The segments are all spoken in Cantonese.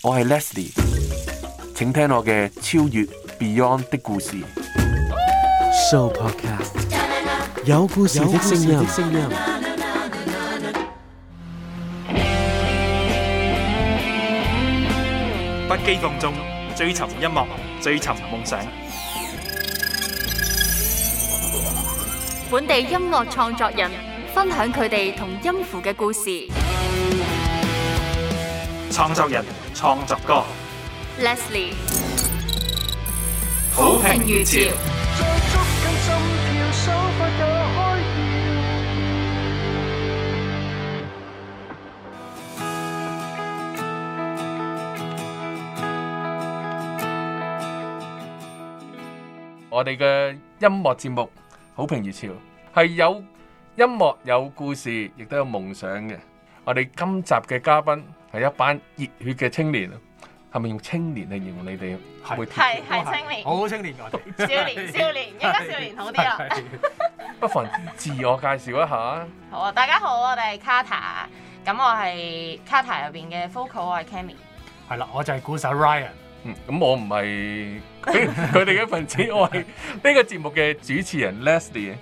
我係 Leslie，請聽我嘅超越 Beyond 的故事。Show Podcast 有故事的聲音，不羈放縱追尋音樂，追尋夢想。本地音樂創作人分享佢哋同音符嘅故事。創作人。創作歌，Leslie，好評如潮。我哋嘅音樂節目《好評如潮》係有音樂、有故事，亦都有夢想嘅。我哋今集嘅嘉賓。係一班熱血嘅青年，係咪用青年嚟形容你哋？係係是青年，好青年我哋， 少年少年，而家少年好啲啊！不妨自我介紹一下。好啊，大家好，我哋係 Kata，咁我係 Kata 入邊嘅 Vocal 係 Cammy，係啦，我就係鼓手 Ryan，嗯，咁我唔係佢哋嘅份子， 我係呢個節目嘅主持人 Leslie。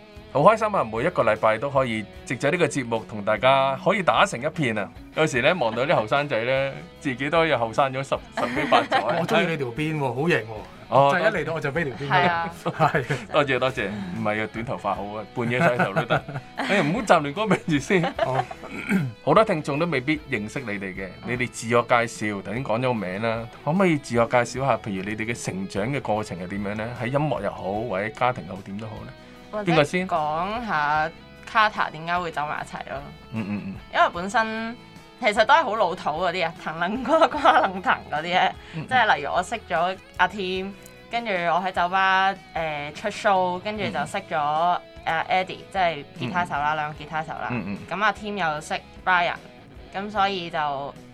好開心啊！每一個禮拜都可以藉住呢個節目同大家可以打成一片啊！有時咧望到啲後生仔咧，自己都有後生咗十十幾八載。我中意你條辮喎，好型喎！就一嚟到我就飛條辮。係啊，係。多謝多謝。唔係啊，短頭髮好啊，半夜洗頭都得。哎呀，唔好雜亂噏住先。好多聽眾都未必認識你哋嘅，你哋自我介紹，頭先講咗個名啦，可唔可以自我介紹一下？譬如你哋嘅成長嘅過程係點樣咧？喺音樂又好，或者家庭又好，點都好咧？邊個先？講下 Carter 點解會走埋一齊咯、嗯。嗯嗯嗯。因為本身其實都係好老土嗰啲啊，騰楞瓜瓜楞騰嗰啲咧，嗯、即係例如我識咗阿 Tim，跟住我喺酒吧誒、呃、出 show，跟住就識咗阿 Eddie，即係吉他手啦，嗯、兩個吉他手啦。咁阿 Tim 又識 Brian，咁所以就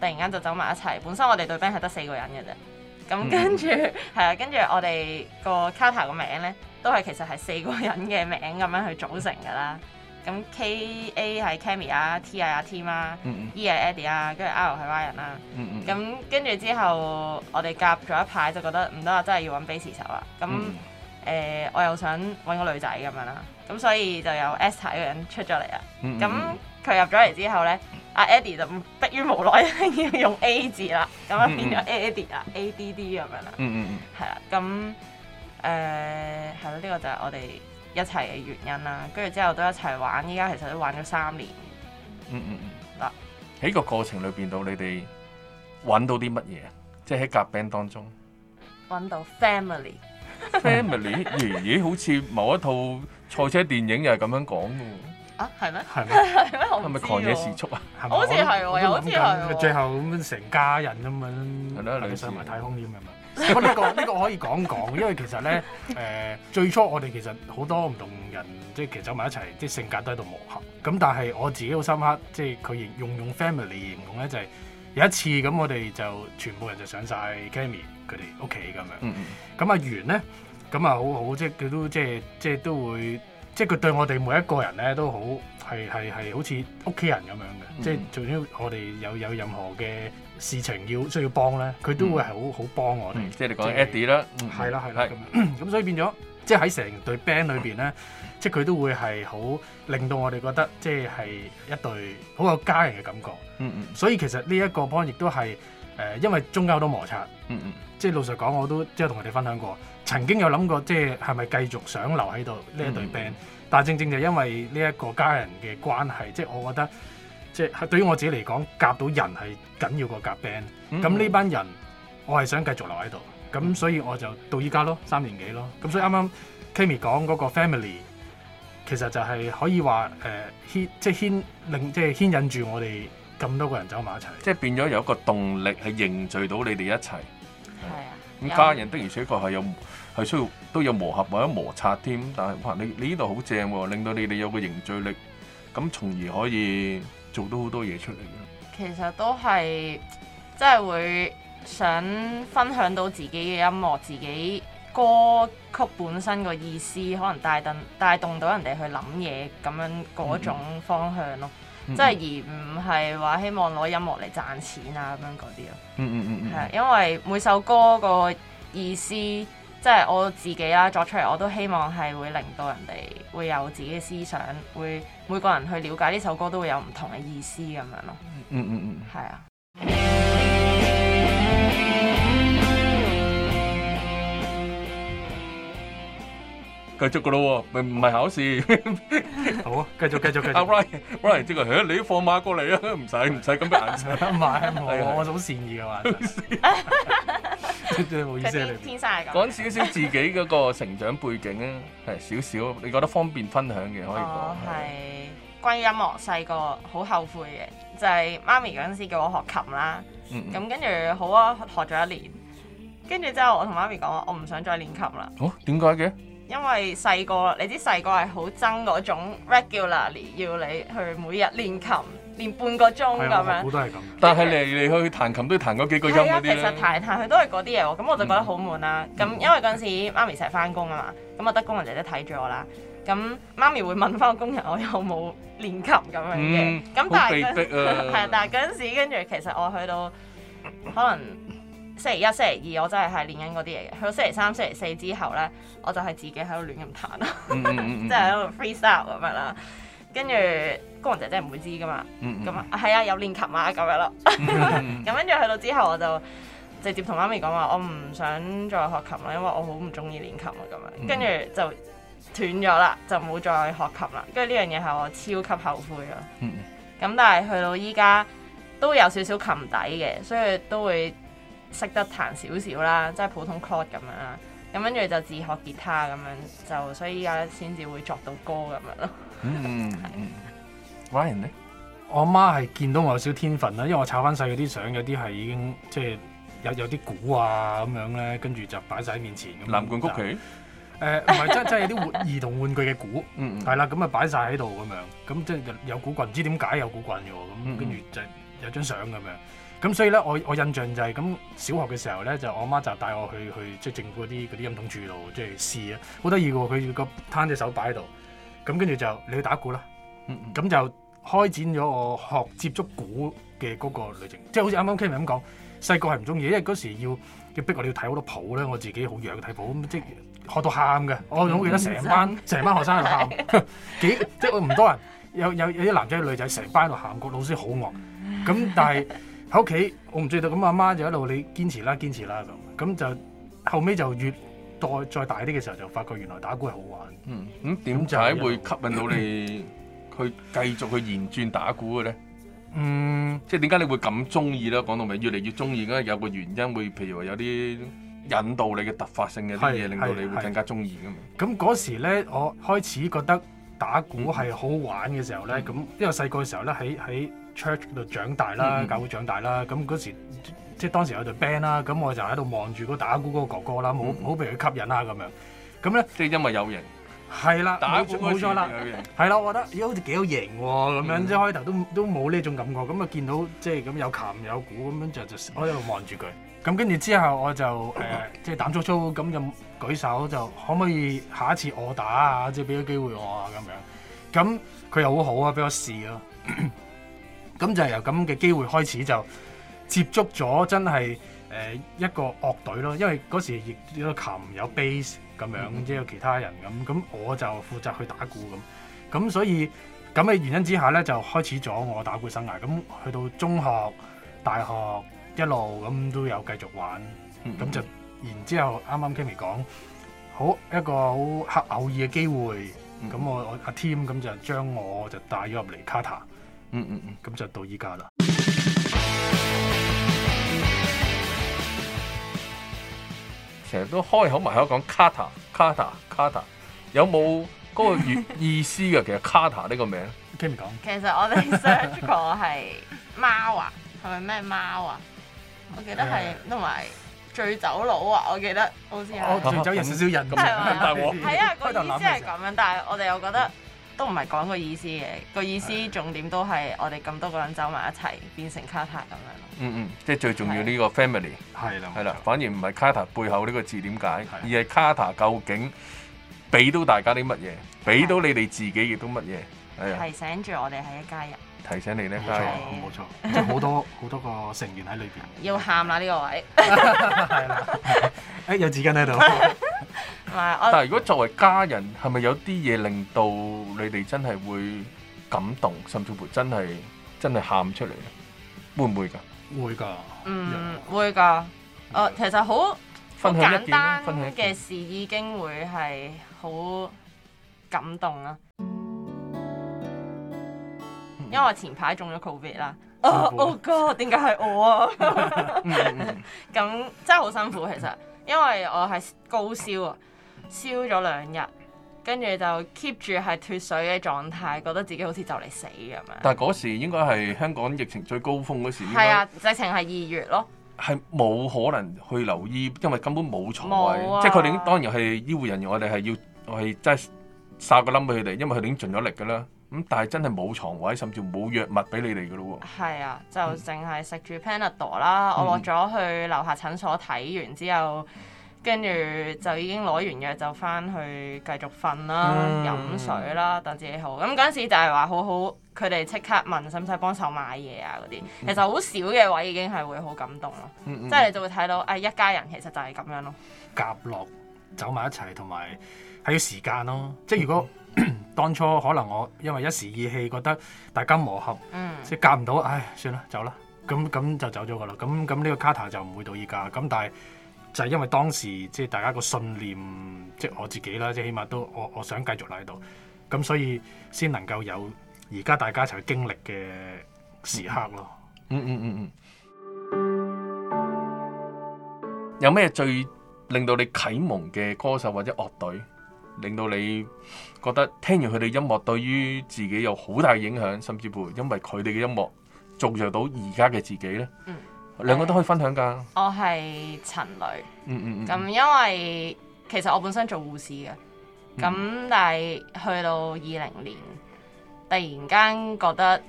突然間就走埋一齊。本身我哋對 band 係得四個人嘅啫，咁跟住係啊，跟住、嗯嗯嗯嗯嗯、我哋個 Carter 個名咧。都係其實係四個人嘅名咁樣去組成噶啦，咁 K A 係 c a m m y 啊 t,，T 啊、阿 t、嗯嗯、e m 啊，E 係 Eddie 啊，跟住 R 係 Ryan 啦，咁跟住之後我哋夾咗一排就覺得唔得啦，真係要揾 b a 手啊，咁誒、嗯嗯呃、我又想揾個女仔咁樣啦，咁所以就有 s t 個人出咗嚟啊，咁佢入咗嚟之後咧，阿、啊、Eddie 就迫於無奈一定要用 A 字啦，咁啊變咗 Eddie 啊，A D D 咁樣啦，嗯啦、嗯嗯嗯，咁。誒，係咯，呢個就係我哋一齊嘅原因啦。跟住之後都一齊玩，依家其實都玩咗三年。嗯嗯嗯。嗱、mm，喺、mm. like. 個過程裏邊到你哋揾到啲乜嘢即係喺夾 band 當中揾到 family。family 爺爺，好似某一套賽車電影又係咁樣講噶。啊、yeah,，係咩？係咩？係咩？係咪狂野時速啊？好似係，又好似係。最後咁樣成家人咁樣，係 sort 咯 of、like, uh ok，上埋太空點噶嘛？呢、 這個呢、這個可以講講，因為其實咧，誒、呃、最初我哋其實好多唔同人，即係其實走埋一齊，即係性格都喺度磨合。咁但係我自己好深刻，即係佢形用用 family 形容咧，就係、是、有一次咁，我哋就全部人就上晒 k e m i 佢哋屋企咁樣。咁、嗯、阿源咧，咁啊好好，即係佢都即係即係都會，即係佢對我哋每一個人咧都好，係係係好似屋企人咁樣嘅、嗯。即係除非我哋有有任何嘅。事情要需要幫咧，佢都會係好好幫我哋。即係你講 Eddie 啦，係啦係。咁的、 嗯、所以變咗，即係喺成隊 band 裏邊咧，嗯、即係佢都會係好令到我哋覺得，即係係一隊好有家人嘅感覺。嗯嗯。嗯所以其實呢一個 bond 亦都係誒、呃，因為中間好多摩擦。嗯嗯。嗯即係老實講，我都即係同佢哋分享過，曾經有諗過，即係係咪繼續想留喺度呢一隊 band？、嗯、但係正正就因為呢一個家人嘅關係，即係我覺得。即係對於我自己嚟講，夾到人係緊要過夾 band。咁呢、mm hmm。班人，我係想繼續留喺度。咁所以我就到依家咯，三年幾咯。咁所以啱啱 Kami 講嗰個 family，其實就係可以話誒、呃、牽即係牽令即係牽引住我哋咁多個人走埋一齊。即係變咗有一個動力係凝聚到你哋一齊。係啊，咁、嗯、家人的而且確係有係需要都有磨合或者摩擦添，但係哇，你你呢度好正喎、哦，令到你哋有個凝聚力，咁從而可以，做到好多嘢出嚟嘅，其實都係真係會想分享到自己嘅音樂、自己歌曲本身個意思，可能帶動帶動到人哋去諗嘢咁樣嗰種方向咯，嗯嗯、即係而唔係話希望攞音樂嚟賺錢啊咁樣嗰啲咯。嗯嗯嗯，係、嗯、因為每首歌個意思，即係我自己啦作出嚟，我都希望係會令到人哋會有自己嘅思想會。每個人去了解呢首歌都會有唔同嘅意思咁樣咯，嗯嗯嗯，係啊。繼續噶咯喎，唔唔係考試。好，繼續繼續繼續。阿 Ray Ray 即係，你都放馬過嚟啊！唔使唔使咁嘅眼神。買啊，我我好善意嘅嘛。哈哈哈哈哈。冇意思你。天生係咁。講少少自己嗰個成長背景啊，係少少，你覺得方便分享嘅可以講。我係關於音樂，細個好後悔嘅，就係媽咪嗰陣時叫我學琴啦。咁跟住好啊，學咗一年，跟住之後我同媽咪講話，我唔想再練琴啦。哦，點解嘅？因為細個，你知細個係好憎嗰種 regularly 要你去每日練琴練半個鐘，咁樣，好多係咁。但係嚟嚟去彈琴都彈嗰幾個音，其實彈彈去都係嗰啲嘢喎，咁我就覺得好悶啦、啊。咁因為嗰陣時媽咪成日翻工啊嘛，咁就得工人姐姐睇住我啦。咁媽咪會問翻個工人我有冇練琴咁樣嘅，咁、嗯、但係係、啊、 但係嗰陣時跟住其實我去到可能。星期一、星期二我真係係練緊嗰啲嘢嘅，去到星期三、星期四之後呢，我就係自己喺度亂咁彈啦，即係喺度 freeze up 咁樣啦。跟住工人姐姐唔會知噶嘛，咁、嗯嗯嗯、啊係，啊有練琴啊咁樣咯。咁跟住去到之後，我就直接同媽咪講話，我唔想再學琴啦，因為我好唔中意練琴啊咁樣。跟住、嗯嗯、就斷咗啦，就冇再學琴啦。跟住呢樣嘢係我超級後悔咯。咁、嗯嗯、但係去到依家都有少少琴底嘅，所以都會。識得彈少少啦，即係普通 cot 咁樣啦，咁跟住就自學吉他咁樣，就所以而家先至會作到歌咁樣咯。嗯嗯，玩人咧，我阿媽係見到我有少少天分啦，因為我炒翻晒嗰啲相，有啲係已經即係有有啲鼓啊咁樣咧，跟住就擺晒喺面前咁。藍罐谷皮？誒唔係，即係即係啲兒童玩具嘅鼓，嗯，係啦，咁啊擺晒喺度咁樣，咁即係有鼓棍，唔知點解有鼓棍嘅喎，咁跟住就有張相咁樣。咁所以咧，我我印象就係、是、咁小學嘅時候咧，就我媽就帶我去去即係政府嗰啲啲音筒處度即係試啊，好得意嘅喎！佢個攤隻手擺喺度，咁跟住就你去打鼓啦，咁就開展咗我學接觸鼓嘅嗰個旅程。即係好似啱啱 Kimi 咁講，細個係唔中意，因為嗰時要要逼我哋要睇好多譜咧，我自己好弱睇譜，咁即係學到喊嘅。我仲好記得成班成、嗯、班學生喺度喊， 幾即係我唔多人，有有有啲男仔女仔成班喺度喊，個老師好惡。咁但係。喺屋企我唔記得，咁阿媽就一路你堅持啦堅持啦，咁咁就後尾就越代再大啲嘅時候就發覺原來打鼓係好玩。嗯，咁點解會吸引到你去、嗯、繼續去延續打鼓嘅咧？嗯，嗯即係點解你會咁中意咧？講到尾越嚟越中意啦，有個原因會，譬如話有啲引導你嘅突發性嘅啲嘢令到你會更加中意嘅嘛。咁嗰時咧，我開始覺得打鼓係好玩嘅時候咧，咁、嗯嗯、因為細個嘅時候咧，喺喺 Church 度長大啦，教會長大啦。咁嗰時即係當時，當時有隊 band 啦。咁我就喺度望住嗰打鼓嗰個哥哥啦，冇冇被佢吸引啦咁樣。咁咧即係因為有型係的啦，打鼓冇錯啦，係啦，我覺得咦、哎，好似幾有型喎、哦、咁樣。即係開頭都都冇呢種感覺，咁啊見到即係咁有琴有鼓咁樣就就喺度望住佢。咁跟住之後我就誒即係膽粗粗咁就舉手就，就可唔可以下一次我打我啊？即係俾個機會我啊咁樣。咁佢又好好啊，俾我試咯。 咁就由咁嘅機會開始就接觸咗真係誒、呃、一個樂隊咯，因為嗰時亦都琴有 bass 咁樣，即係、mm hmm. 有其他人咁，咁我就負責去打鼓咁。咁所以咁嘅原因之下呢就開始咗我打鼓生涯。咁去到中學、大學一路咁都有繼續玩。咁、mm hmm. 就然之後啱啱 Kimi 講好一個好黑偶爾嘅機會，咁我阿 Tim 咁就將我就帶咗入嚟卡塔。嗯嗯嗯，咁就到依家啦。成日都開口埋喺度講 Kata Kata Kata，有冇嗰個意思嘅？其實 Kata 呢個名，Kimi 講。其實我哋 search 過係貓啊，係咪咩貓啊？我記得係同埋醉酒佬啊，我記得好似係。哦，醉酒人少少人咁啊，大鑊。係啊，個意思係咁樣，但係我哋又覺得。都唔係講個意思嘅，個意思重點都係我哋咁多個人走埋一齊，變成卡塔咁樣。嗯嗯，即係最重要呢個 family。係啦，係啦，反而唔係卡塔背後呢個字點解，而係卡塔究竟俾到大家啲乜嘢，俾到你哋自己亦都乜嘢。提醒住我哋係一家人。提醒你咧，冇錯，冇錯，就好多好多個成員喺裏邊。要喊啦呢個位。係啦。誒，有紙巾喺度。但係如果作為家人，係咪有啲嘢令到你哋真係會感動，甚至乎真係真係喊出嚟咧？會唔會㗎？會㗎。嗯，會㗎。誒，其實好簡單嘅事已經會係好感動啦。因為我前排中咗 COVID 啦。啊，我哥點解係我啊？咁真係好辛苦，其實，因為我係高燒啊。燒咗兩日，跟住就 keep 住係脫水嘅狀態，覺得自己好似就嚟死咁樣。但係嗰時應該係香港疫情最高峰嗰時。係啊，直情係二月咯。係冇可能去留醫，因為根本冇床位，啊、即係佢哋當然係醫護人員，我哋係要我係真係殺個冧俾佢哋，因為佢哋已經盡咗力㗎啦。咁但係真係冇床位，甚至冇藥物俾你哋㗎咯喎。係啊，就淨係食住 Panadol 啦、嗯。我落咗去樓下診所睇完之後。嗯跟住就已經攞完藥就翻去繼續瞓啦、嗯、飲水啦，等自己好。咁嗰陣時就係話好好，佢哋即刻問使唔使幫手買嘢啊嗰啲。其實好少嘅位已經係會好感動咯，嗯、即係你就會睇到誒、啊、一家人其實就係咁樣咯。夾落走埋一齊，同埋係要時間咯。即係如果 當初可能我因為一時意氣覺得大家磨合，即係夾唔到，唉，算啦，走啦。咁咁就走咗噶啦。咁咁呢個卡塔就唔會到依家。咁但係。就係因為當時即係大家個信念，即係我自己啦，即係起碼都我我想繼續留喺度，咁所以先能夠有而家大家一齊經歷嘅時刻咯。嗯嗯嗯嗯，嗯。有咩最令到你啟蒙嘅歌手或者樂隊，令到你覺得聽完佢哋音樂對於自己有好大影響，甚至乎因為佢哋嘅音樂造就到而家嘅自己呢？嗯兩個都可以分享㗎、嗯。我係陳蕾，咁、嗯嗯嗯、因為其實我本身做護士嘅，咁、嗯、但係去到二零年，突然間覺得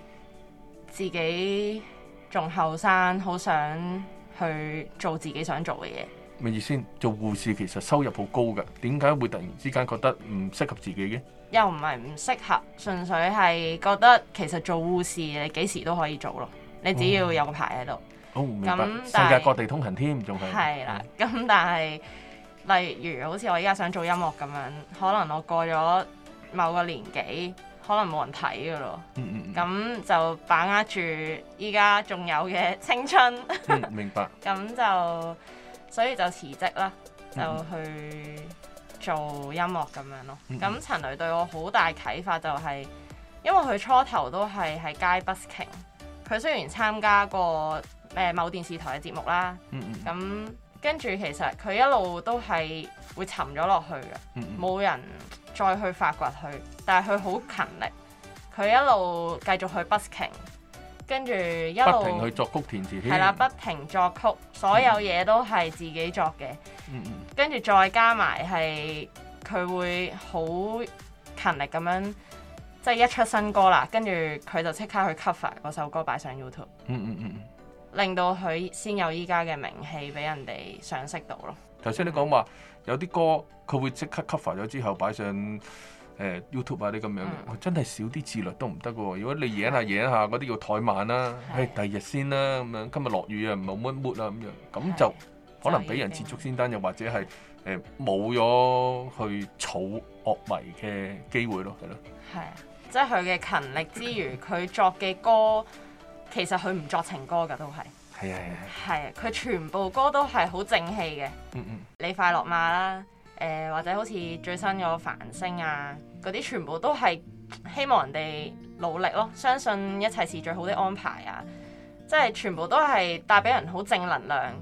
自己仲後生，好想去做自己想做嘅嘢。咩意思？做護士其實收入好高㗎，點解會突然之間覺得唔適合自己嘅？又唔係唔適合，純粹係覺得其實做護士你幾時都可以做咯，你只要有個牌喺度。咁、哦、但世界各地通行，添仲係係啦。咁的、嗯、但係，例如好似我依家想做音樂咁樣，可能我過咗某個年紀，可能冇人睇噶咯。嗯、咁就把握住依家仲有嘅青春，嗯、明白，咁 就所以就辭職啦，嗯、就去做音樂咁樣咯。咁、嗯、陳雷對我好大啟發就係、是，因為佢初頭都係喺街 busking，佢雖然參加過誒某電視台嘅節目啦，咁跟住其實佢一路都係會沉咗落去嘅，冇、嗯、人再去發掘佢。但係佢好勤力，佢一路繼續去 busking，跟住一路去作曲填詞，係啦，不停作曲，所有嘢都係自己作嘅。嗯嗯嗯、跟住再加埋係佢會好勤力咁樣，即係一出新歌啦，跟住佢就即刻去 cover 嗰首歌擺上 YouTube、嗯。嗯嗯嗯。嗯嗯令到佢先有依家嘅名氣，俾人哋賞識到咯。頭先你講話有啲歌佢會即刻 cover 咗之後擺上誒、呃、YouTube 啊啲咁樣，佢、嗯、真係少啲自律都唔得嘅。如果你影下影下嗰啲要怠慢啦，誒的、哎、第二日先啦、啊、咁、啊啊、樣，今日落雨啊唔好乜末啊咁樣，咁就可能俾人接觸先單，又或者係誒冇咗去儲樂迷嘅機會咯，係咯。係啊，即係佢嘅勤力之餘，佢作嘅歌。其實佢唔作情歌㗎，都係。係啊係啊。佢的全部歌都係好正氣嘅。你、嗯嗯、快樂嘛啦、呃？或者好似最新嗰個繁星啊，嗰啲全部都係希望人哋努力咯，相信一切是最好的安排啊！即係全部都係帶俾人好正能量，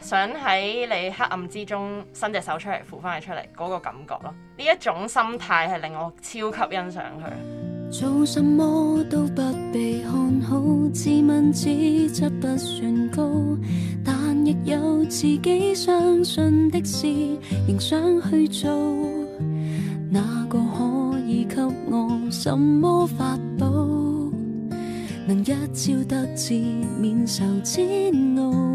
想喺你黑暗之中伸隻手出嚟扶翻佢出嚟嗰個感覺咯。呢一種心態係令我超級欣賞佢。做什麼都不被看好，自問資質不算高，但亦有自己相信的事，仍想去做。哪個可以給我什麼法寶，能一朝得志免受煎熬？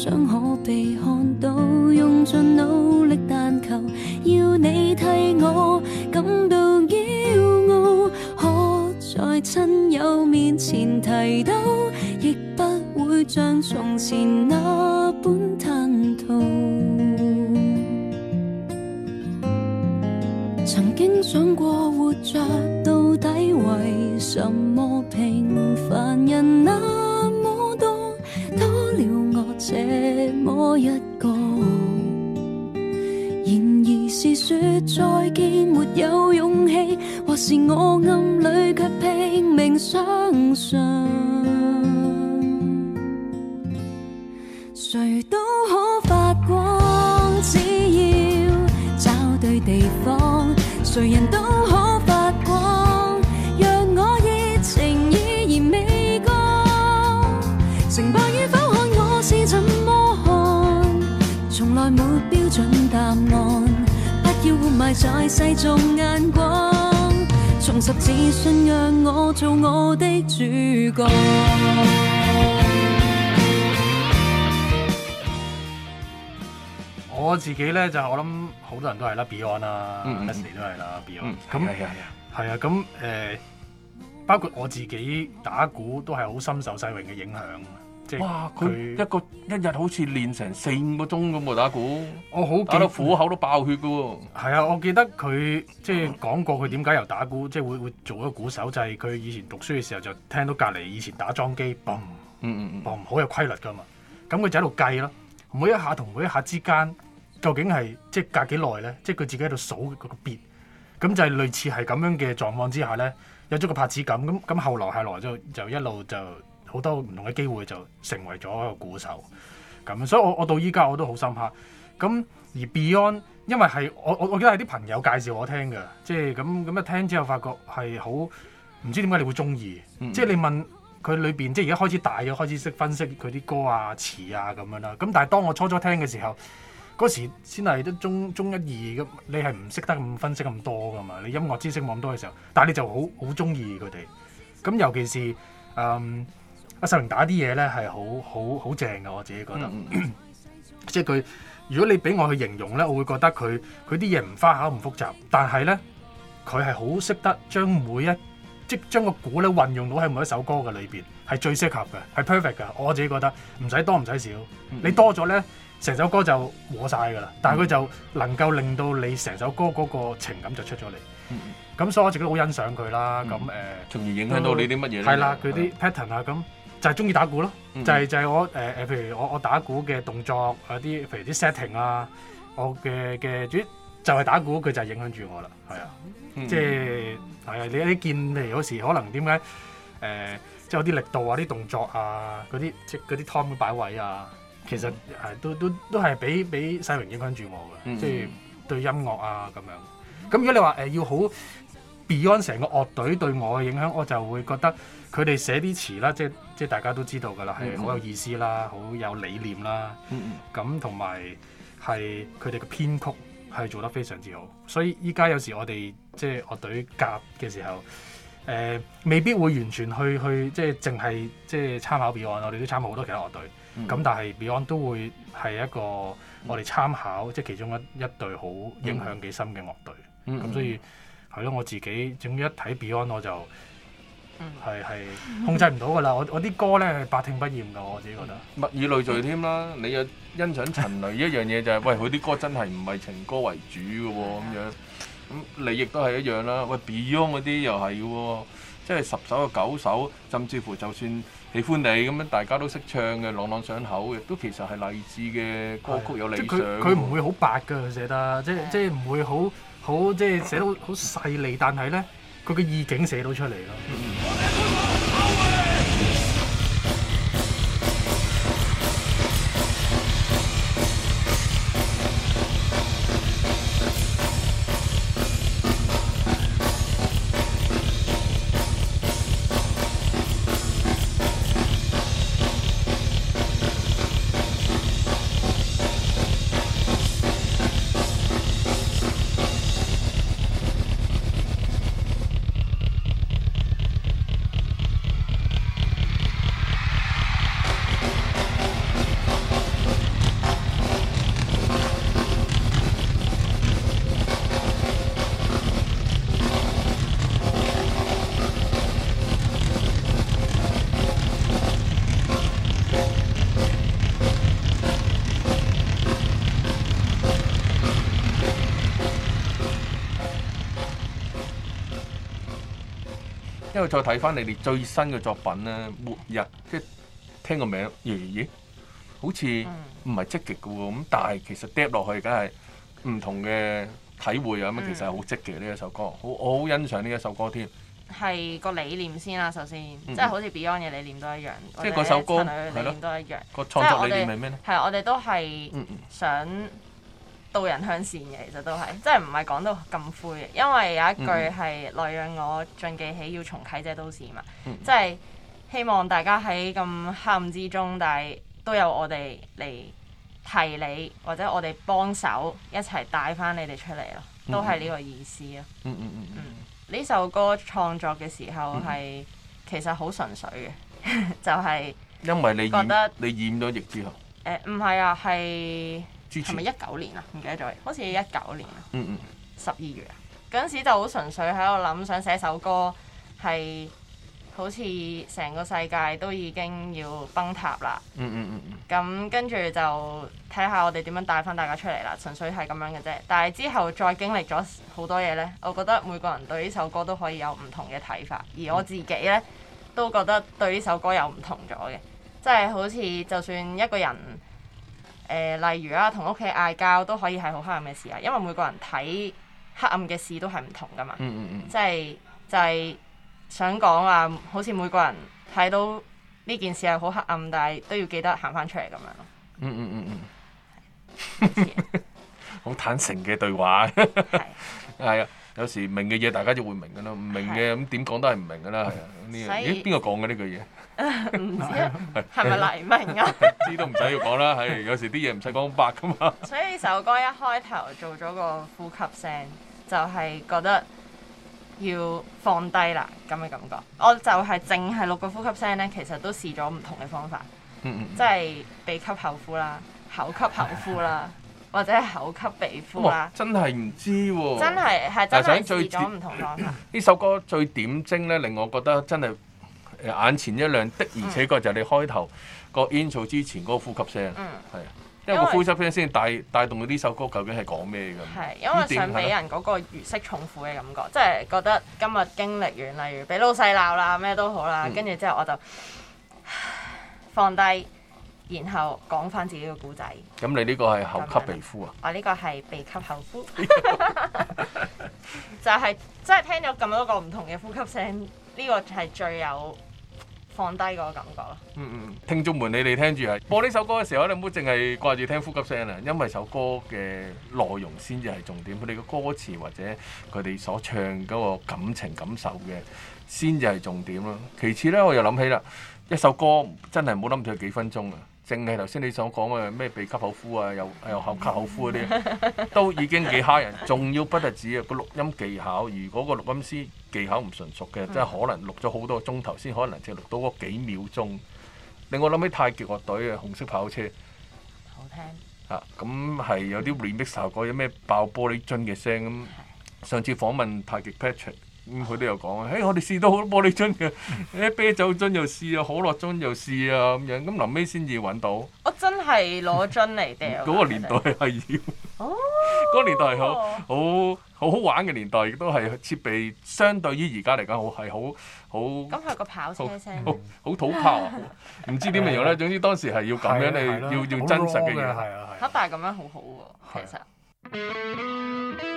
想可被看到，用盡努力，但求要你替我感到驕傲。可在親友面前提到，亦不會像從前那般吞吐。曾經想過，活着到底為什麼平凡人？一個，然而是說再見沒有勇氣，或是我暗裡卻拼命相信，誰都。在世俗眼光，重拾自信，讓我做我的主角。我自己咧就我諗，好多人都係啦，Beyond 啦，Lesley 都係啦，Beyond。咁係啊，係啊，係啊，咁誒，包括我自己打鼓都係好深受世榮嘅影響。哇！佢一個一日好似練成四五個鐘咁喎，打鼓。我、哦、好記得虎口都爆血嘅喎、啊。係啊，我記得佢即係講過佢點解又打鼓，即係會會做一個鼓手，就係、是、佢以前讀書嘅時候就聽到隔籬以前打樁機，嘣，嗯好有規律㗎嘛。咁佢就喺度計咯，每一下同每一下之間究竟係即係隔幾耐咧？即係佢自己喺度數嗰個 beat，咁就係類似係咁樣嘅狀況之下咧，有咗個拍子感。咁咁後來下來就就一路就。好多唔同嘅機會就成為咗一個鼓手咁，所以我我到依家我都好深刻。咁而 Beyond 因為係我我我記得係啲朋友介紹我聽嘅，即係咁咁一聽之後，發覺係好唔知點解你會中意。即係你問佢裏邊，即係而家開始大咗開始識分析佢啲歌啊詞啊咁樣啦。咁但係當我初初聽嘅時候，嗰時先係都中中一二咁，你係唔識得咁分析咁多噶嘛？你音樂知識冇咁多嘅時候，但係你就好好中意佢哋。咁尤其是嗯。阿秀寧打啲嘢咧係好好好正嘅，我自己覺得。即係佢，如果你俾我去形容咧，我會覺得佢佢啲嘢唔花巧唔複雜，但係咧佢係好識得將每一即係將個鼓咧運用到喺每一首歌嘅裏邊，係最適合嘅，係 perfect 㗎。我自己覺得唔使多唔使少，你多咗咧成首歌就和晒㗎啦。但係佢就能夠令到你成首歌嗰個情感就出咗嚟。咁所以我自己好欣賞佢啦。咁誒，從而影響到你啲乜嘢咧？係啦，佢啲 pattern 啊咁。就係中意打鼓咯，就係、是、就係、是、我誒誒、呃，譬如我我打鼓嘅動作啊，啲譬如啲 setting 啊，我嘅嘅主要就係打鼓，佢就影響住我啦，係啊，即係係啊，你啲見譬如有時可能點解誒，即係有啲力度啊，啲動作啊，嗰啲即嗰啲 tom 嘅擺位啊，其實係、嗯、都都都係俾俾世榮影響住我嘅，即係、嗯、對音樂啊咁樣。咁如果你話誒、呃、要好。Beyond 成個樂隊對我嘅影響，我就會覺得佢哋寫啲詞啦，即即大家都知道㗎啦，係好有意思啦，好有理念啦。咁同埋係佢哋嘅編曲係做得非常之好，所以依家有時我哋即樂隊夾嘅時候，誒、呃、未必會完全去去即淨係即參考 Beyond，我哋都參考好多其他樂隊。咁、mm hmm. 但係 Beyond 都會係一個、mm hmm. 我哋參考，即其中一一隊好影響幾深嘅樂隊。咁、mm hmm. 所以。係咯，我自己總之一睇 Beyond 我就係係控制唔到噶啦，我我啲歌咧係百聽不厭噶，我自己覺得。物以類聚添啦，你又欣賞陳雷一樣嘢就係，喂，佢啲歌真係唔係情歌為主噶喎，咁樣咁你亦都係一樣啦。喂，Beyond 嗰啲又係喎，即係十首有九首，甚至乎就算喜歡你咁樣，大家都識唱嘅朗朗上口，亦都其實係勵志嘅歌曲有理想。佢佢唔會好白噶，佢寫得即係即係唔會好。好即係寫到好細膩，但係咧，佢嘅意境寫到出嚟咯。嗯因為再睇翻你哋最新嘅作品咧，《末日》，即係聽個名，咦咦好似唔係積極嘅喎。咁但係其實跌落去，梗係唔同嘅體會啊。咁其實係好積極呢一首歌，好我好欣賞呢一首歌添。係個理念先啦，首先，即係、嗯、好似 Beyond 嘅理念都一樣。即係嗰首歌係咯，都一樣。個創作理念係咩咧？係啊，我哋都係想。導人向善嘅，其實都係，即係唔係講到咁灰嘅，因為有一句係、嗯、來讓我盡記起要重啟這都市嘛，即係、嗯、希望大家喺咁黑暗之中，但係都有我哋嚟提你，或者我哋幫手一齊帶翻你哋出嚟咯，都係呢個意思咯。嗯嗯嗯。嗯，呢、嗯嗯嗯、首歌創作嘅時候係、嗯、其實好純粹嘅， 就係因為你覺得你染咗疫之後，誒唔係啊，係。係咪一九年啊？唔記得咗，好似一九年啊。十二月啊，嗰、嗯嗯、時就好純粹喺度諗，想寫首歌，係好似成個世界都已經要崩塌啦。嗯，咁跟住就睇下我哋點樣帶返大家出嚟啦。純粹係咁樣嘅啫。但係之後再經歷咗好多嘢呢，我覺得每個人對呢首歌都可以有唔同嘅睇法。而我自己呢，嗯、都覺得對呢首歌有唔同咗嘅，即、就、係、係、好似就算一個人。誒、呃，例如啦，同屋企嗌交都可以係好黑暗嘅事啊，因為每個人睇黑暗嘅事都係唔同噶嘛。即係就係想講話、啊，好似每個人睇到呢件事係好黑暗，但係都要記得行翻出嚟咁樣咯。嗯嗯嗯嗯。好 坦誠嘅對話。係的。係啊， 有時明嘅嘢大家就會明噶啦，唔明嘅咁點講都係唔明噶啦，係啊。呢樣，咦，邊個講嘅呢句嘢？唔 知係咪黎明啊？知都唔使要講啦，係有時啲嘢唔使講白噶嘛。所以呢首歌一開頭做咗個呼吸聲，就係覺得要放低啦咁嘅感覺。我就係淨係六個呼吸聲咧，其實都試咗唔同嘅方法。即係鼻吸口呼啦，口吸口呼啦，或者係口吸鼻呼啦。真係唔知喎，真係係就係試咗唔同方法。呢首歌最點睛咧，令我覺得真係。眼前一亮，的而且確就係你開頭個 intro 之前嗰個呼吸聲，係啊、嗯，是因為個呼吸聲先帶帶動到呢首歌究竟係講咩嘅。係因為想俾人嗰個如釋重負嘅感覺，即係、嗯、覺得今日經歷完，例如俾老細鬧啦，咩都好啦，跟住之後我就放低，然後講翻自己嘅故仔。咁、嗯、你呢個係口吸鼻呼啊？我呢個係鼻吸口呼， 就係即係聽咗咁多個唔同嘅呼吸聲。呢個係最有放低個感覺咯。嗯嗯，聽眾們，你哋聽住啊，播呢首歌嘅時候，你唔好淨係掛住聽呼吸聲啊。因為首歌嘅內容先至係重點，佢哋嘅歌詞或者佢哋所唱嗰個感情感受嘅，先至係重點咯。其次呢，我又諗起啦，一首歌真係唔好諗住係幾分鐘啊。正係頭先你所講嘅咩鼻吸口呼啊，又又喊喊喊口吸口呼嗰啲，都已經幾嚇人。仲要不得止啊，個錄音技巧，如果個錄音師技巧唔純熟嘅，真係可能錄咗好多個鐘頭先，可能只係錄到嗰幾秒鐘。令我諗起太極樂隊嘅紅色跑車，好聽啊！咁係有啲 remix 效果，有咩爆玻璃樽嘅聲咁。上次訪問太極 Patrick。咁佢哋又講啊，我哋試到好多玻璃樽嘅，啲、欸、啤酒樽又試啊，可樂樽又試啊咁樣，咁臨尾先至揾到。我真係攞樽嚟嘅。嗰個年代係要。哦。嗰 個年代係好好好好玩嘅年代，亦都係設備相對於而家嚟講，好係好好。咁係個跑車聲。好土炮，啊。唔 知點形容咧。總之當時係要咁樣， 的你要的要真實嘅嘢。好，但係咁樣好好喎，其實。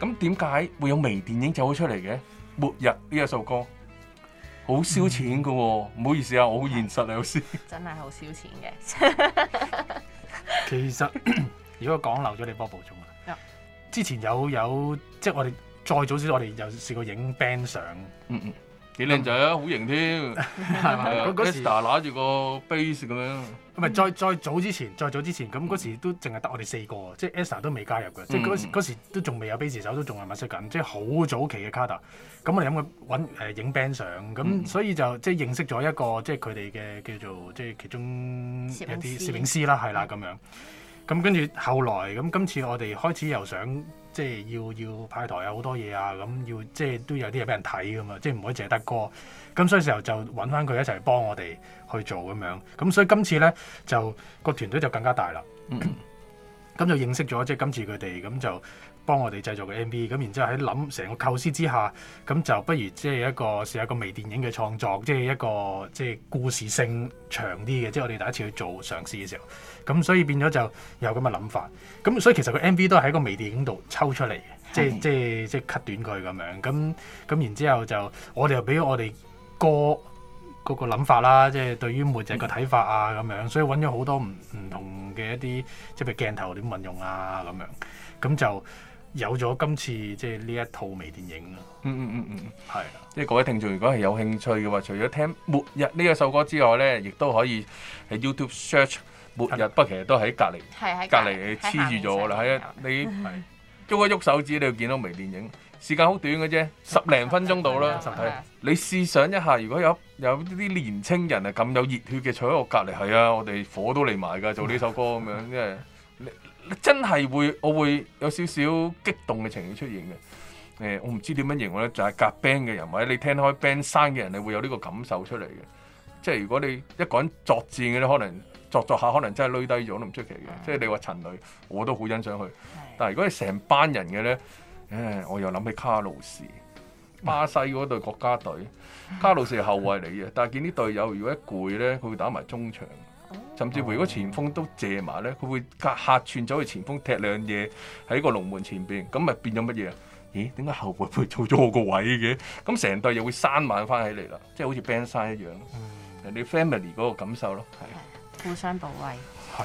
咁點解會有微電影走咗出嚟嘅？《末日》呢一首歌好燒錢嘅喎，唔、嗯、好意思啊，我好現實啊，老師。真係好燒錢嘅。其實 如果講漏咗你幫我補充啊，嗯、之前有有即係我哋再早少，我哋有試過影 band 相、嗯。嗯嗯。幾靚仔啊，好型添，係嘛？嗰時拿住個 base 咁樣。唔係，再再早之前，再早之前，咁嗰時都淨係得我哋四個，即係 Esther 都未加入嘅，即係嗰嗰時都仲未有 Bassist 都仲係物色緊，即係好早期嘅 Carter 咁我哋諗緊揾影 band 相，咁所以就即係認識咗一個即係佢哋嘅叫做即係其中一啲攝影師啦，係啦咁樣。咁跟住後來咁，今次我哋開始又想。即係要要派台有啊，好多嘢啊，咁要即係都有啲嘢俾人睇㗎嘛，即係唔可以淨係得歌。咁所以時候就揾返佢一齊幫我哋去做咁樣，咁所以今次咧就個團隊就更加大啦，咁、嗯、 就認識咗即係今次佢哋咁就。幫我哋製作個 M V，咁然之後喺諗成個構思之下，咁就不如即係一個試下個微電影嘅創作，即係一個即係故事性長啲嘅，即係我哋第一次去做嘗試嘅時候，咁所以變咗就有咁嘅諗法，咁所以其實個 M V 都係喺個微電影度抽出嚟嘅，即係即係即係 cut 短佢咁樣，咁咁然之後就我哋又俾我哋歌嗰個諗法啦，即係對於末日嘅睇法啊咁樣，所以揾咗好多唔唔同嘅一啲，即係譬如鏡頭點運用啊咁樣，咁就。有咗今次即係呢一套微電影啦。嗯嗯嗯嗯，係。即係各位聽眾如果係有興趣嘅話，除咗聽《末日》呢個首歌之外咧，亦都可以喺 YouTube search《末日》，不過其實都喺隔離。隔離黐住咗啦，係啊，你喐一喐手指你就見到微電影。時間好短嘅啫，十零分鐘到啦。你試想一下，如果有有啲年青人啊咁有熱血嘅坐喺我隔離，係啊，我哋火都嚟埋㗎，做呢首歌咁樣，因為。真係會，我會有少少激動嘅情緒出現嘅。誒、呃，我唔知點樣形容咧，就係夾 band 嘅人或者你聽開 band 生嘅人，你會有呢個感受出嚟嘅。即係如果你一個人作戰嘅咧，可能作作下可能真係攰低咗都唔出奇嘅。即係你話陳女，我都好欣賞佢。但係如果你成班人嘅咧，誒、呃，我又諗起卡路士，巴西嗰隊國家隊，卡路士係後衞嚟嘅，但係見啲隊友如果一攰咧，佢會打埋中場。甚至回個前鋒都借埋咧，佢會隔客串走去前鋒踢兩嘢喺個龍門前邊，咁咪變咗乜嘢啊？咦？點解後輩會做咗我個位嘅？咁成隊又會閂埋翻起嚟啦，即係好似 band 山一樣。人哋、嗯、family 嗰個感受咯，係、嗯、的互相保衞，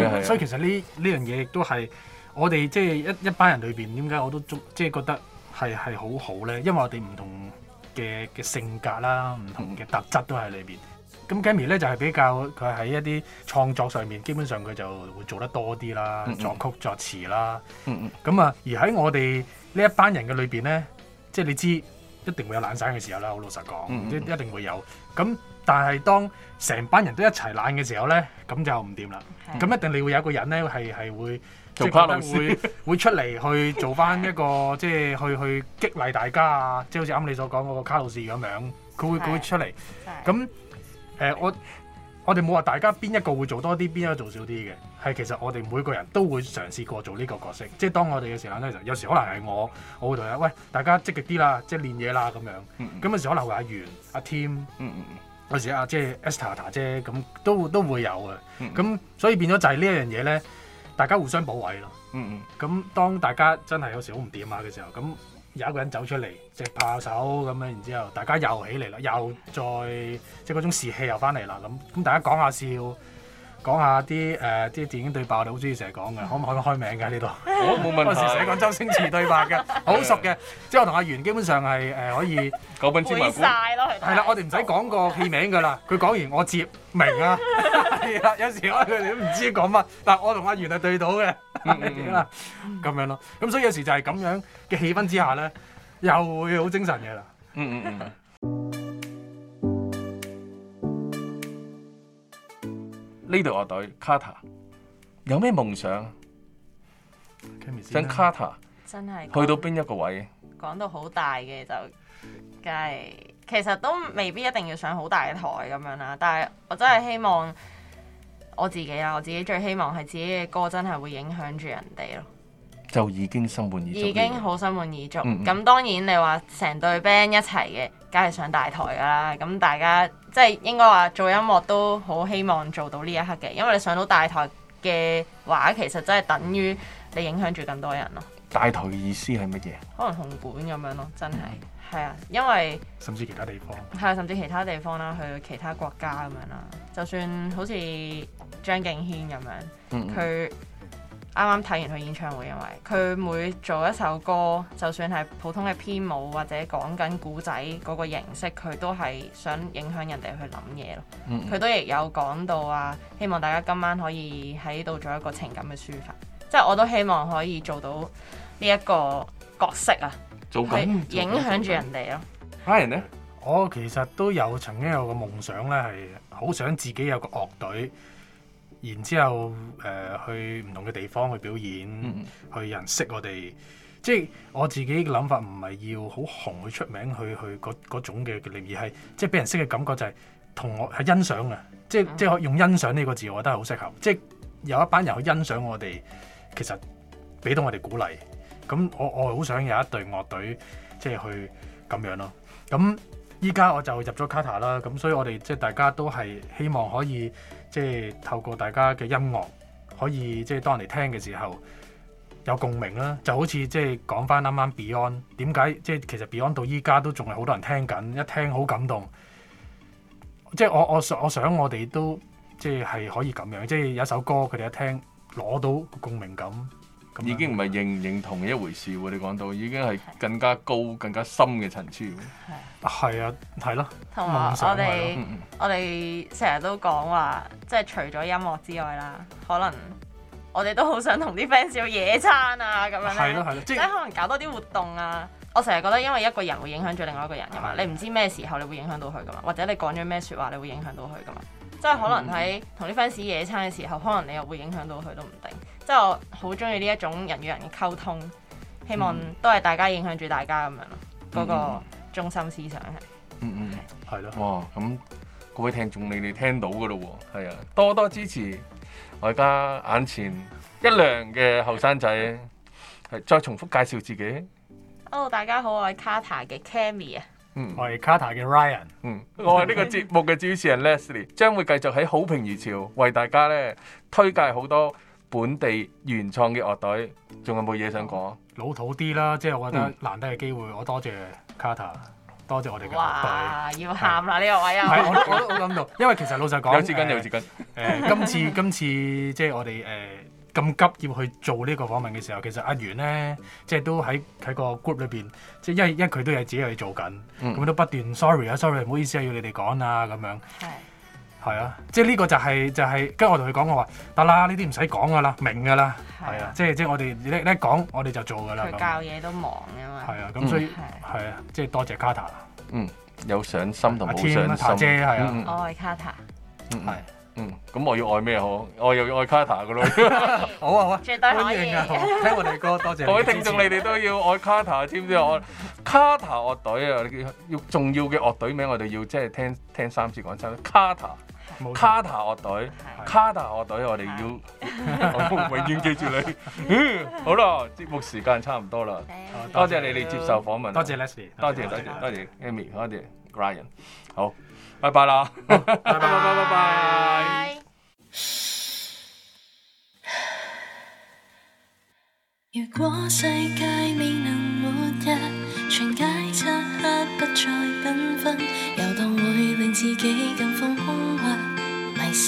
係。所以其實呢呢樣嘢亦都係我哋即係一一班人裏邊，點解我都即係、就是、覺得係係好好咧？因為我哋唔同嘅嘅性格啦，唔同嘅特質都喺裏邊。嗯 咁 Gary 咧就係比較佢喺一啲創作上面，基本上佢就會做得多啲啦，作曲作詞啦。嗯嗯。咁啊，而喺我哋呢一班人嘅裏邊咧，即係你知一定會有懶散嘅時候啦。好老實講，即係一定會有。咁但係當成班人都一齊懶嘅時候咧，咁就唔掂啦。係。咁一定你會有一個人咧，係係會做卡路士，會會出嚟去做翻一個即係去去激勵大家啊！即係好似啱你所講嗰個卡路士咁樣，佢會佢會出嚟咁。誒、呃、我我哋冇話大家邊一個會做多啲，邊一個做少啲嘅，係其實我哋每個人都會嘗試過做呢個角色，即係當我哋嘅時候咧，就有時可能係我，我會同人話，喂，大家積極啲啦，即係練嘢啦咁樣。咁有時可能係阿袁、阿 Tim、嗯嗯、有時阿即係 Esther 姐，咁、啊啊啊、都都會有嘅。咁、嗯、所以變咗就係呢一樣嘢咧，大家互相補位咯、嗯。嗯咁、嗯、當大家真係有時好唔掂下嘅時候，咁。有一個人走出嚟，直拍手咁樣，然之後大家又起嚟啦，又再即係嗰種士氣又翻嚟啦。咁咁大家講下笑，講下啲誒啲電影對白，我哋好中意成日講嘅，可唔可以開名㗎？呢度？我冇問題。有時寫緊周星馳對白嘅，好熟嘅，即係我同阿源基本上係誒可以九品芝麻官。攰曬咯，係啦，我哋唔使講個戲名㗎啦，佢講完我接名啊。係啊，有時我哋都唔知講乜，但係我同阿源係對到嘅。嚇你點啦？咁樣咯，咁所以有時就係咁樣嘅氣氛之下咧，又會好精神嘅啦。嗯嗯嗯。呢隊樂隊 Kata 有咩夢想？想 Kata 真係去到邊一個位？講到好大嘅就梗係，其實都未必一定要上好大嘅台咁樣啦。但係我真係希望。我自己啦、啊，我自己最希望係自己嘅歌真係會影響住人哋咯，就已經心滿意足，已經好心滿意足。咁、嗯嗯、當然你話成隊 band 一齊嘅，梗係上大台噶啦。咁大家即係應該話做音樂都好希望做到呢一刻嘅，因為你上到大台。嘅話其實真係等於你影響住更多人咯。大頭嘅意思係乜嘢？可能紅館咁樣咯，真係係啊，因為甚至其他地方係啊，甚至其他地方啦，去其他國家咁樣啦，就算好似張敬軒咁樣，佢、嗯嗯。啱啱睇完佢演唱會，因為佢每做一首歌，就算係普通嘅編舞或者講緊故仔嗰個形式，佢都係想影響人哋去諗嘢咯。佢都亦有講到啊，希望大家今晚可以喺度做一個情感嘅抒發，即係我都希望可以做到呢一個角色啊，去影響住人哋咯。反而呢，我其實都有曾經有個夢想咧，係好想自己有個樂隊。然之後，誒、呃、去唔同嘅地方去表演，嗯、去人識我哋，即係我自己嘅諗法，唔係要好紅、去出名去、去去嗰種嘅嘅嘢，而係即係俾人識嘅感覺就係、是、同我係欣賞嘅，即係即係用欣賞呢個字，我覺得係好適合。即係有一班人去欣賞我哋，其實俾到我哋鼓勵。咁我我好想有一隊樂隊，即係去咁樣咯。咁依家我就入咗卡 a t a 啦，咁所以我哋即係大家都係希望可以。即係透過大家嘅音樂，可以即係當人哋聽嘅時候有共鳴啦。就好似即係講翻啱啱 Beyond 點解，即係其實 Beyond 到依家都仲係好多人聽緊，一聽好感動。即係我我我想我哋都即係可以咁樣，即係有一首歌佢哋一聽攞到共鳴感。已經唔係認唔認同一回事喎，你講到已經係更加高、更加深嘅層次。係啊，係咯、啊。同埋、啊、我哋，啊啊、我哋成日都講話，即係除咗音樂之外啦，可能我哋都好想同啲 fans 去野餐啊，咁樣。係咯係咯，啊、即係可能搞多啲活動啊。我成日覺得因為一個人會影響咗另外一個人噶嘛，你唔知咩時候你會影響到佢噶嘛，或者你講咗咩説話你會影響到佢噶嘛，即係可能喺同啲 fans 野餐嘅時候，嗯、可能你又會影響到佢都唔定。即係我好中意呢一種人與人嘅溝通，希望都係大家影響住大家咁樣咯。嗰、嗯、個中心思想係嗯嗯係咯、嗯、哇！咁各位聽眾你哋聽到嘅咯喎，係啊，多多支持我而家眼前一亮嘅後生仔，係，再重複介紹自己。Hello，、哦、大家好，我係 k a t 嘅 Cammy 啊，嗯、我係 k a t 嘅 Ryan，嗯，我係呢個節目嘅主持人 Leslie， 將會繼續喺好評如潮為大家咧推介好多。本地原創嘅樂隊，仲有冇嘢想講？老土啲啦，即係我覺得難得嘅機會，我多謝 Karter，多謝我哋嘅樂隊。哇！要喊啦呢個位啊！係，我都好諗到，因為其實老實講，有紙巾有紙巾。誒，今次今次即係我哋誒咁急要去做呢個訪問嘅時候，其實阿源咧，即係都喺喺個 group 裏邊，即係因為因為佢都有自己嘢做緊，咁都不斷 sorry 啊，sorry 唔好意思啊，要你哋講啊咁樣。係。係啊，即係呢個就係就係，跟住我同佢講我話得啦，呢啲唔使講噶啦，明噶啦，係啊，即係即係我哋叻叻講，我哋就做噶啦。佢教嘢都忙啊嘛。係啊，咁所以係啊，即係多謝 Kata。嗯，有上心同冇上心。阿添，塔姐係啊，我愛 Kata。嗯係，嗯咁我要愛咩好？我又要愛 Kata 嘅咯。好啊喂，絕對可以。聽我哋歌，多謝各位聽眾，你哋都要愛 Kata，知唔知啊？我 Kata 樂隊啊，要重要嘅樂隊名，我哋要即係聽聽三次講真 Kata。Kata 樂隊 Kata 樂隊，我哋要永遠記住你。嗯，好啦，節目時間差唔多啦，多謝你哋接受訪問，多謝 Leslie，多謝多謝多謝 Amy，多謝 Grian，好，拜拜啦，拜拜拜拜拜。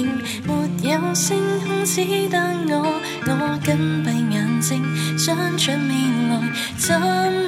沒有星空，只得我，我緊閉眼睛，張著未來。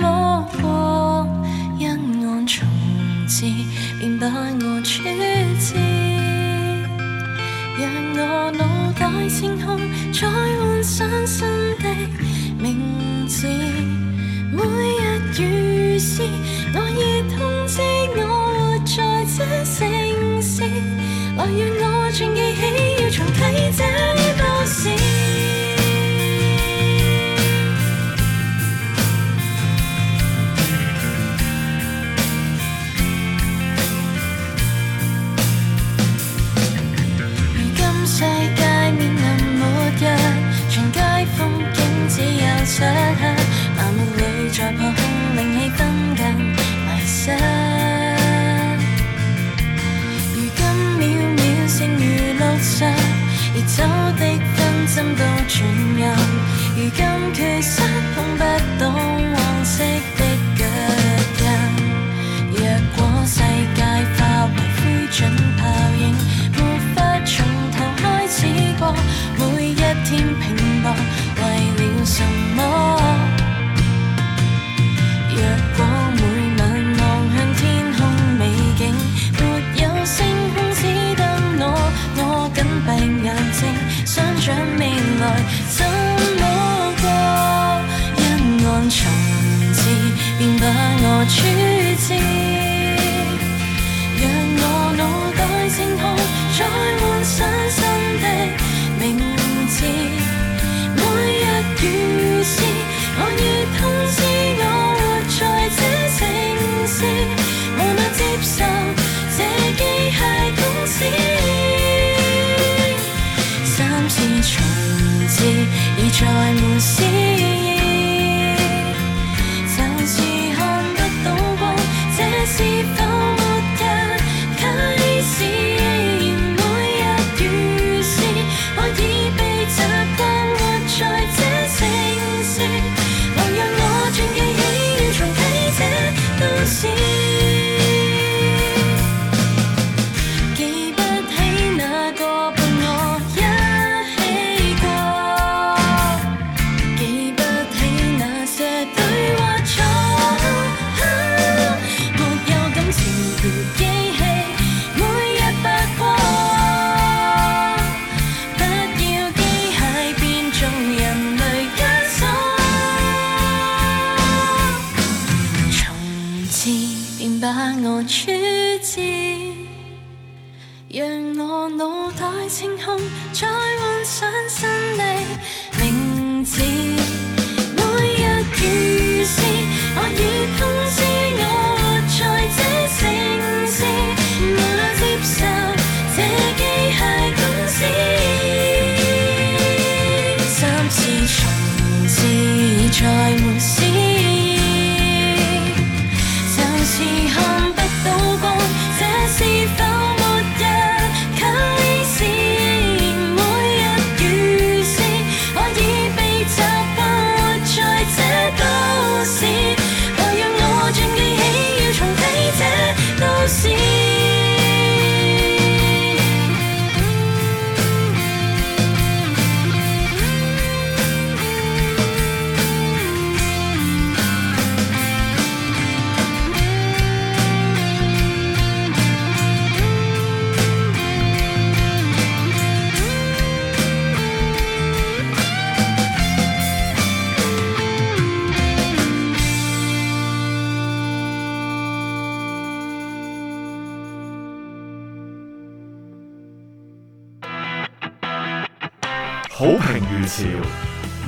潮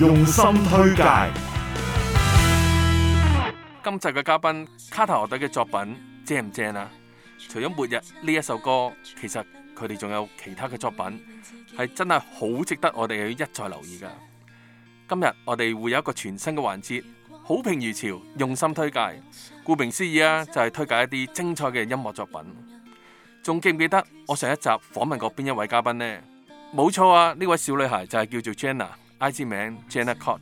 用心推介。今集嘅嘉賓卡塔樂隊嘅作品正唔正啊？除咗《末日》呢一首歌，其實佢哋仲有其他嘅作品，係真係好值得我哋一再留意噶。今日我哋會有一個全新嘅環節，好評如潮，用心推介。顧名思義啊，就係推介一啲精彩嘅音樂作品。仲記唔記得我上一集訪問過邊一位嘉賓呢？冇錯啊！呢位小女孩就係叫做 Jenna，IG 名 Jenna Cott。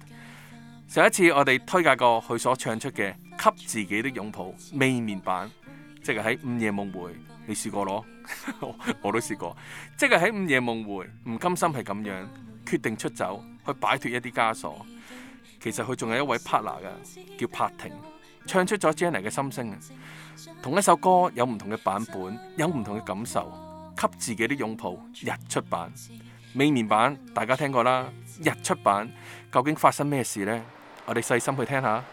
上一次我哋推介過佢所唱出嘅《給自己的擁抱》未眠版，即係喺午夜夢回，你試過咯？ 我，我都試過，即係喺午夜夢回，唔甘心係咁樣，決定出走去擺脫一啲枷鎖。其實佢仲有一位 partner 噶，叫帕婷，唱出咗 Jenna 嘅心聲。同一首歌有唔同嘅版本，有唔同嘅感受，《給自己的擁抱》日出版。美年版大家聽過啦，日出版究竟發生咩事呢？我哋細心去聽下。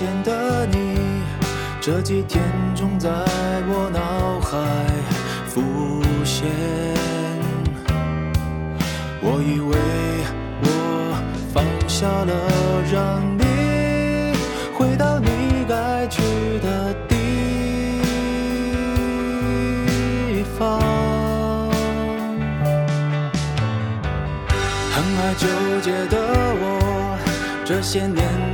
見的你，這幾天總在我腦海浮現。我以為我放下了，讓你回到你該去的地方。很愛糾結的我，這些年。